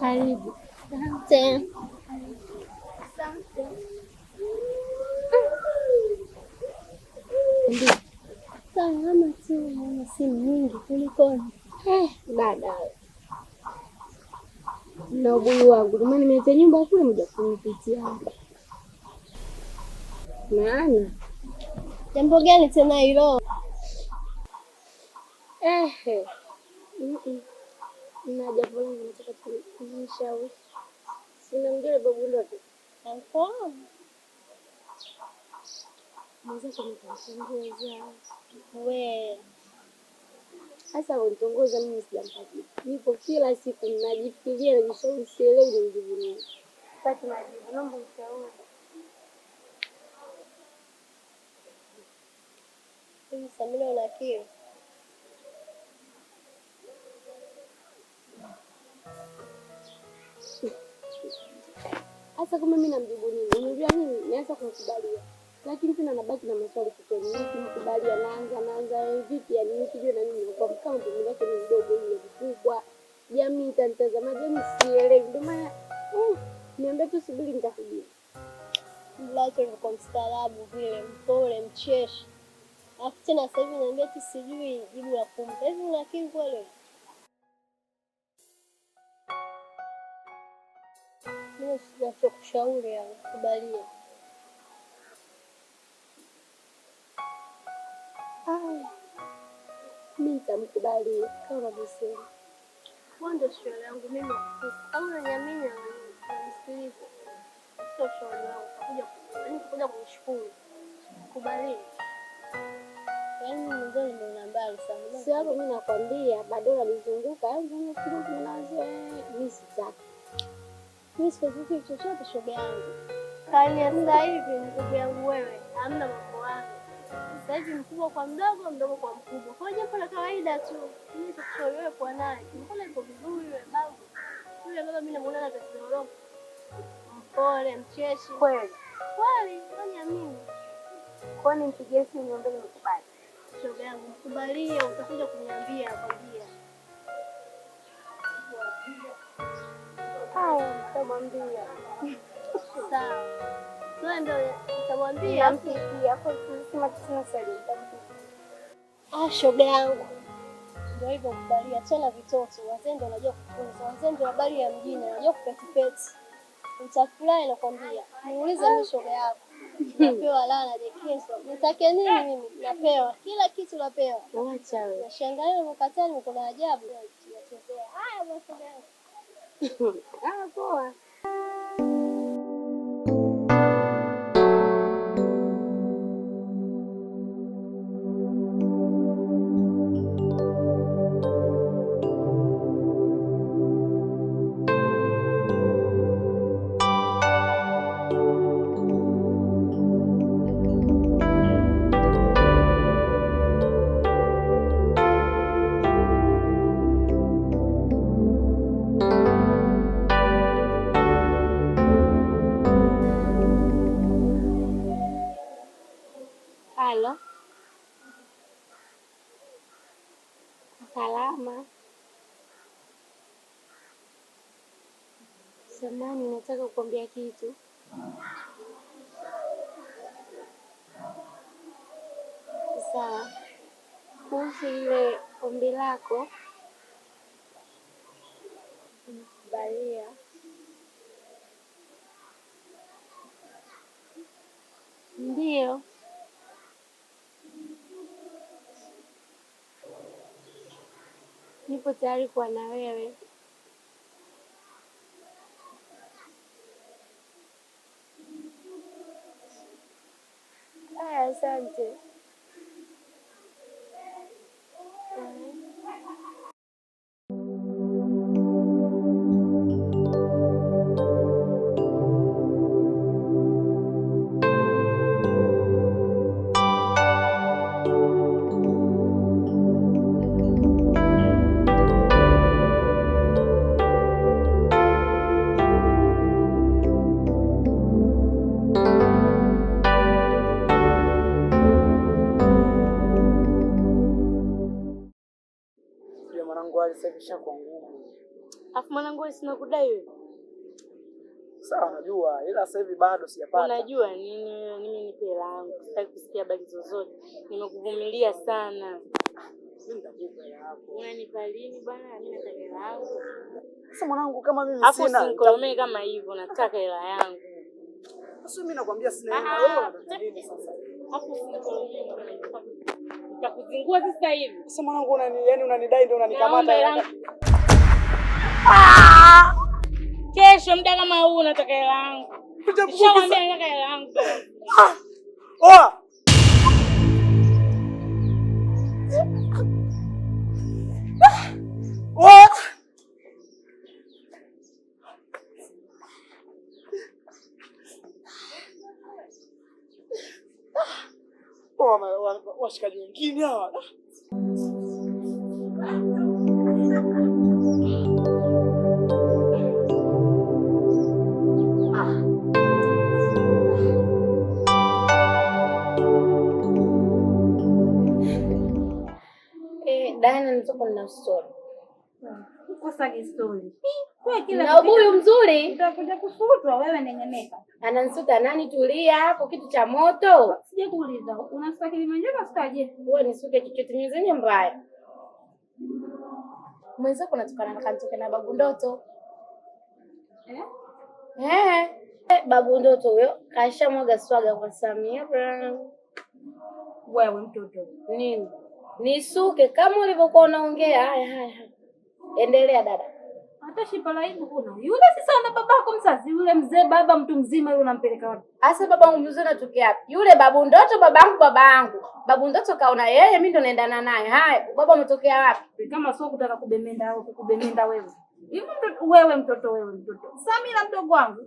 karibu. Asante. Salama tu, ana simu nyingi kuliko dada eh. na ubuyu wangu, kama nimeleta nyumba kule mja kunipitia maana jambo gani tena hilo? Eh, mm -mm na jambo langu nataka kunishawishi. Sina mjole babu Ndoto mwenzako nitampongeza we hasa unitongoza mimi, sijampatia nipo kila siku najifikiria, najishauri, sielewi nimjibu nini. Sipati majibu, naomba ushauri. Samina, una akili Hasa kama mimi namjibu nini? Unajua nini? naanza kumkubalia. Lakini tena nabaki na maswali kichwani. Nikimkubalia anaanza anaanza eh, vipi? Yaani nikijua na mimi kwa mkao ndio mimi ni mdogo yule mkubwa. Jamii itanitazama, jamii sielewi. Ndio maana eh, mm, niambia tu subiri nitakujibu. ni kwa mstaarabu vile, mpole, mcheshi. afu tena sasa hivi naambia tu sijui jibu la kumpa. Hivi lakini kweli Mimi sinachokushauri akubalie. Mimi nitamkubali kama navyosema. Ndio shauri yangu mimi, au unaniamini na Sio shauri yangu yaani kuja kunishukuru. Kubali. Yaani mwanzo nimeona mbali sana. hapo, nakwambia, Badola alizunguka, yaani eh, sitaki mimi siwezi chochote, shoga yangu. Karne sasa hivi, ndugu yangu wewe, hamna mambo wangu. Sasa hivi mkubwa kwa mdogo, mdogo kwa mkubwa, kwa jambo la kawaida tu. Mimi takushauri wewe kwa nani? Mbona iko vizuri wewe babu? Yule baba mimi namuona na tatizo lolote. Mpole, mcheshi. Kweli. Kweli, niamini. Kwani mpigie simu niombe nikupate. Shoga yangu, mkubalie utakuja kuniambia kwambia. Utamwambia sawa, twende. Utamwambia mpigia kwa kusema tuna swali. Ah, shoga yangu, ndio hivyo kubalia tena. Vitoto wazee ndio wanajua kufunza, wazee ndio habari ya mjini wanajua kupetipeti. Utafurahi nakwambia. Muulize mimi shoga yako napewa lana jekeso, nitake nini mimi? Napewa kila kitu, napewa. Nashangaa nimekatani, kuna ajabu. Haya basi. 啊，够了。samani, nataka kukuambia kitu. Sawa. Kuhusu ile ombi lako nimekubalia, ndio nipo tayari kuwa na wewe. 三只。mwanangu alisafisha kwa nguvu. Afu mwanangu, sina kudai wewe. Sawa, najua ila sasa hivi bado sijapata. Unajua nini, mimi nipe langu, sitaki kusikia habari zozote, nimekuvumilia sana. Unanipa lini bwana? Mimi nataka hela yangu. Sasa mwanangu, kama mimi sina, afu sinikolomee kama hivyo, nataka hela yangu. Sasa mimi nakwambia sina hela, wewe unataka nini sasa? Hapo sinikolomee Utakuzingua sasa hivi. Sasa mwanangu, unani yani unanidai ndio unanikamata hela. Kesho muda kama huu nataka hela yangu. Nishamwambia nataka hela yangu. Ah! Oa. huku washikaji wengine hawa eh, Diana, nitoko nina story. Sasa hmm. ni story na ubuyu mzuri. Utakuja kusutwa wewe, nenyemeka. Ananisuta nani? Tulia hapo, kitu cha moto. Sije kuuliza unasuka kilima njema, sikaje wewe nisuke chochote nyezenye mbaya mwenzako natokana kantoke na babu ndoto eh? eh? Eh, babu ndoto huyo mwaga swaga kwa Samia Brown. Wewe mtoto nini, nisuke kama ulivyokuwa unaongea. Haya haya, endelea dada. Hata shipa laibu huna. Yule si sawa babako mzazi, yule mzee baba mtu mzima yule unampeleka wapi? Asa baba babangu mzee anatokea wapi? Yule babu ndoto babangu babangu. Babu ndoto kaona yeye mimi ndo naendana naye. Haya, baba umetokea wapi? Kama sio kutaka kubemenda au kukubemenda wewe. Hivi mtoto wewe mtoto wewe mtoto. Samira mdogo wangu.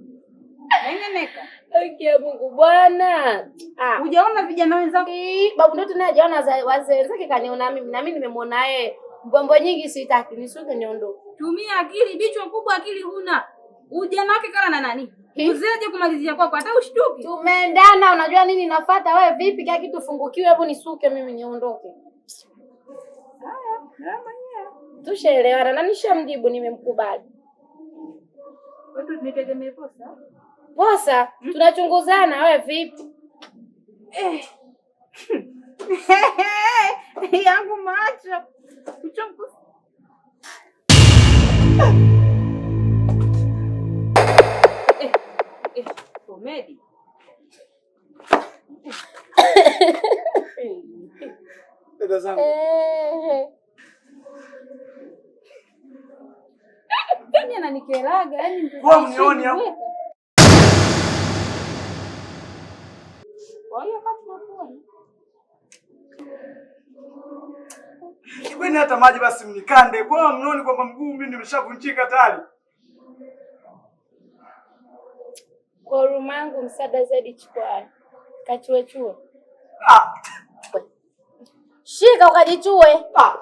Neneneka. Okay, Mungu bwana. Ah, hujaona vijana wenzako? Babu ndoto naye hajaona wazee wenzake kaniona mimi na mimi nimemwona yeye. Mbombo nyingi sitaki, nisuke niondoke. Tumia akili, bichwa kubwa, akili huna. Ujana wake kala na nani? Uzeje kumalizia kwako, hata ushtuki. Tumeendana, unajua nini nafata wewe vipi? Kila kitu fungukiwe, hebu nisuke mimi niondoke. Haya, tushaelewana na nishamjibu, nimemkubali. posa? Posa, tunachunguzana wewe vipi? Eh. Yangu macho. Dada zangu ananikelagaanioni chukueni hata maji basi mnikande, kwa mnaoni kwamba mguu mimi nimeshavunjika tayari. Kwa huruma yangu msaada zaidi, chukua kachuechue. Ah. Shika ukajichue. Ah.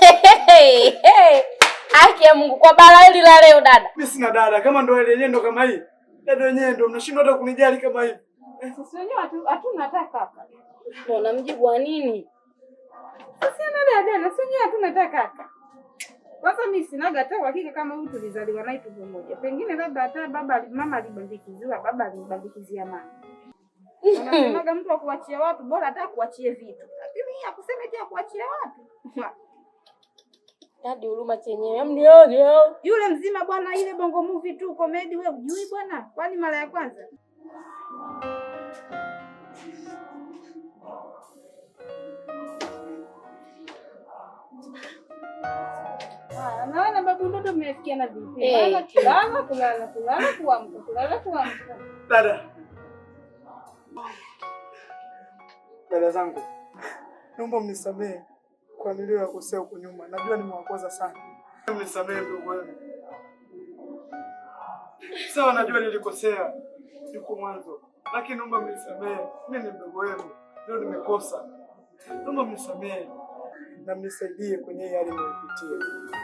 Hey, hey. Haki ya Mungu kwa bala hili la leo dada. Mimi sina dada, kama ndo ile yenyewe ndo kama hii. Dada yenyewe ndo mnashindwa hata kunijali kama hii. Sisi wenyewe hatuna hata kaka. Unamjibu wa nini? Sisiana dada na sijui hatuna hata kaka. Sasa mimi sinaga hata uhakika kama huyu tulizaliwa naye tu mmoja. Pengine labda hata baba mama alibandikiziwa, baba alibandikizia mama. Unasemaga mtu akuachie watu, bora hata kuachie vitu. Lakini yeye akuseme je akuachie watu? Hadi huruma chenyewe. Mnioje? Yule mzima bwana, ile bongo movie tu comedy wewe hujui bwana? Kwani mara ya kwanza? na vipi? Eh. Kulala kulala kulala kuamka kulala kuamka. Dada dada zangu, naomba mnisamehe kwa kosea huko nyuma, najua nimewakoza sana, mnisamehe ndugu wangu. Sawa, najua nilikosea yuko mwanzo, lakini naomba mnisamehe, mimi ni mdogo wenu, ndio nimekosa, naomba mnisamehe na mnisaidie kwenye hali niliyopitia.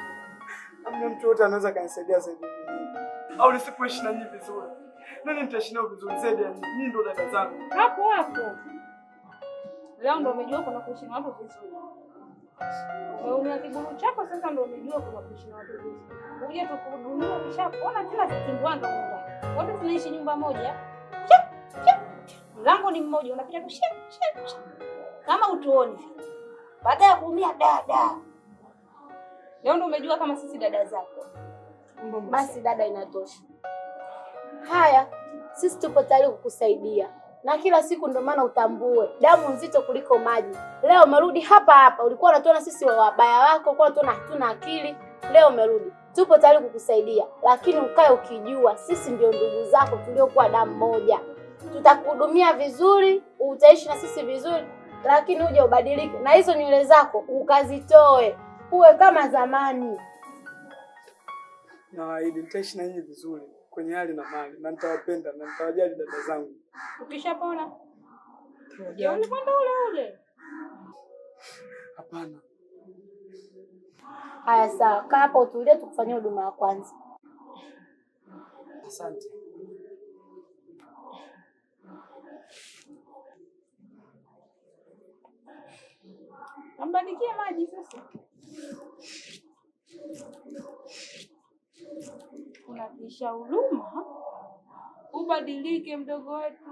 Amna mtu yote anaweza kanisaidia zaidi au nisipoishi na nyinyi vizuri, nani nitashinda vizuri zaidi ya nyinyi? Ndio dada zangu hapo hapo. Leo ndo umejua kuna kuishi na watu vizuri. Wewe ni kiburu chako sasa, ndo umejua kuna kuishi na watu vizuri. Uje tukuhudumia kisha kuona kila kitungwanga mmoja. Wote tunaishi nyumba moja, mlango ni mmoja, unapita tu kama utuoni. Baada ya kuumia dada Leo ndo umejua kama sisi dada zako. Basi dada, inatosha. Haya, sisi tupo tayari kukusaidia na kila siku, ndio maana utambue damu nzito kuliko maji. Leo umerudi hapa hapa, ulikuwa unatuona sisi wabaya wako, kwa unatuona hatuna akili. Leo umerudi, tupo tayari kukusaidia, lakini ukae ukijua sisi ndio ndugu zako tuliokuwa damu moja. Tutakuhudumia vizuri, utaishi na sisi vizuri, lakini uje ubadilike na hizo nywele zako ukazitoe uwe kama zamani. Nawaahidi nitaishi na nyinyi vizuri kwenye hali na mali, na nitawapenda na nitawajali dada zangu. Ukishapona yaani ule ule. Hapana. Haya, sawa, kaa hapo utulie, tukufanyia huduma ya kwanza. Asante. Ambadikie maji sasa. Unatisha huruma, ubadilike mdogo wetu.